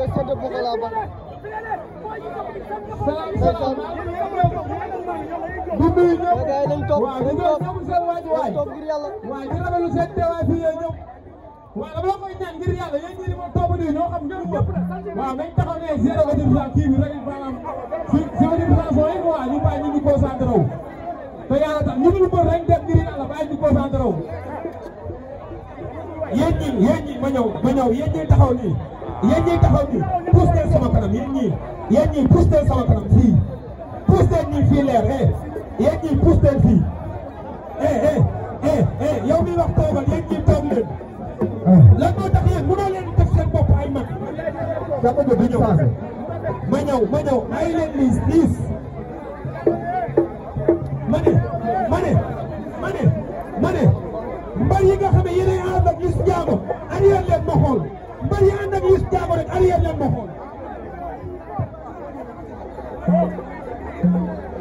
le set de Pokola Ba ndeysaan bi muy ñëw gars yi nañ toog nañ toog nañ toog ngir yàlla waaw ñu rafetlu seen teewaay fii yéen ñëpp waaw dama la koy ñaan ngir yàlla yéen ñi ma toog nii ñoo xam ñëpp waaw nañ taxaw ne zéro ba dix cent kii bi rek maanaam si si wàllu façon yi quoi ñu bàyyi ñu ngi concentré wu te yàlla tax ñu ngi bëri rek dem ngir yàlla bàyyi ñu concentré wu yéen ñi yéen ñi ma ñëw ma ñëw yéen ñi taxaw nii yéen ñii taxaw ñi pousse leen sama kanam yéen ñii yéen ñii pousse leen fii pousse leen ñii fii leer eh yéen ñii fii eh eh eh eh wax toogal yéen ñii toog leen tax yéen mënoo leen def seen bopp ay mag jàpp nga du ñëw ma ñëw ma ñëw ay liis liis ma ne ma ne ma ne nga xam ne yéen ay ànd ak Liss Ndiago leen ma ko rek leen ma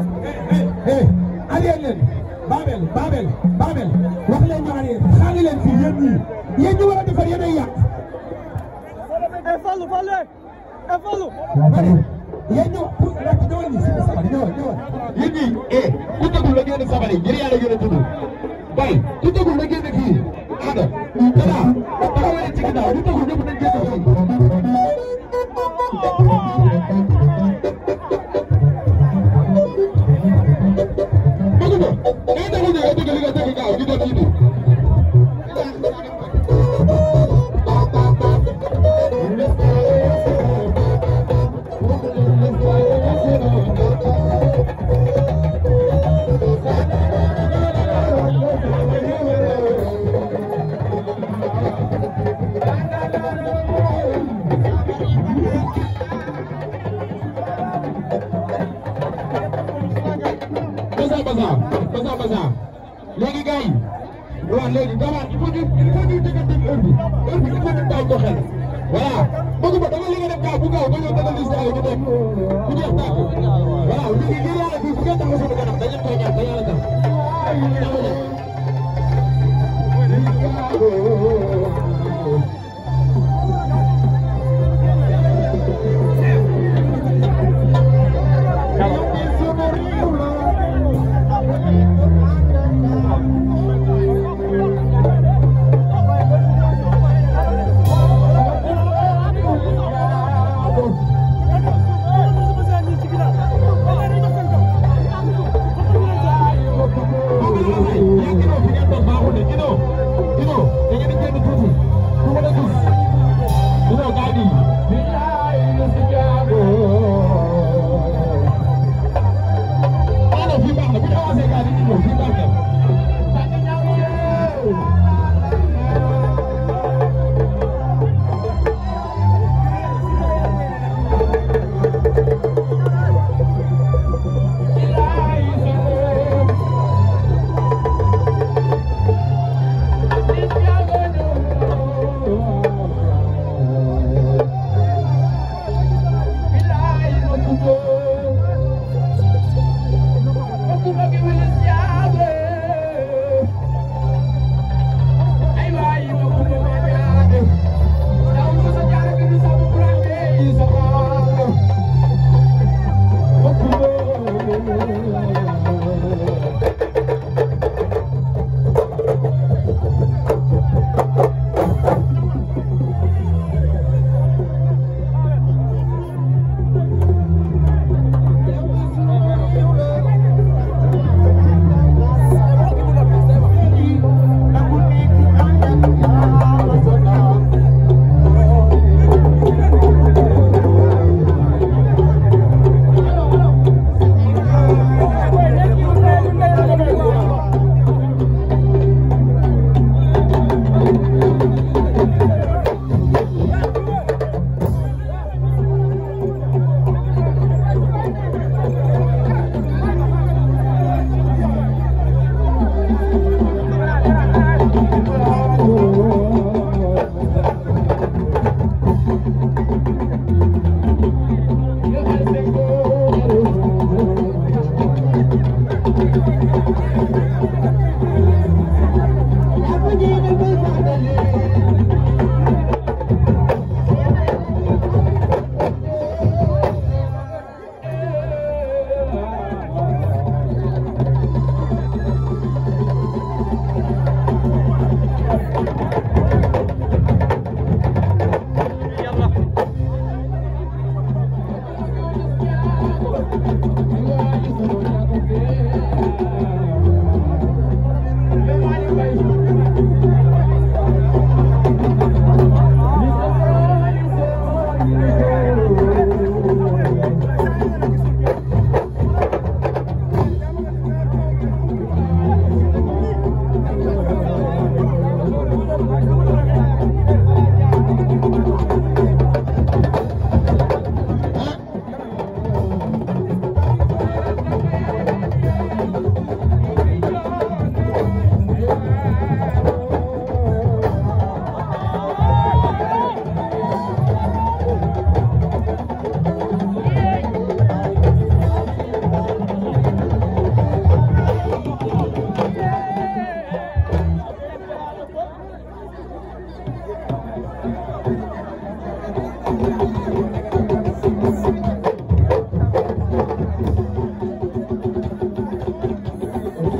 xool arrière leen Babel Babel Babel wax leen ma arrière xaali a defar yéen ay yàq e Fallou yéen ñoo pour ñëwal ñi si sabali ñëwal ñëwal yéen ñii eh ku tegul la génn sabali ngir yàlla gën a tudd bay ku tegul la génn fii ada ayúdate waaw léegi vraiment il faut ñu il faut ñu dégganteeg heure bi heure bi il faut ñu bàyyi ko xel voilà bëgg ba dama la nga def gaaw bu gaaw ba ñëw dana gis Dino Dino da ngeen di génn tuuti ku mën a gis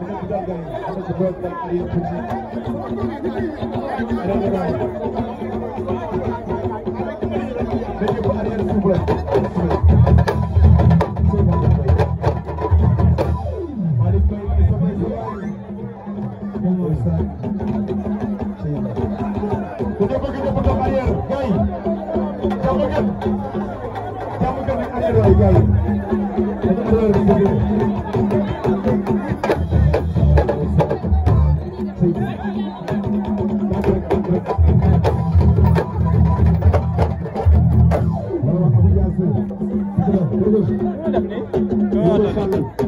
Bunu güzel geldi. Ama bu bölümden iyi tutun. Peki bu araya su bırak. Thank you. Thank you.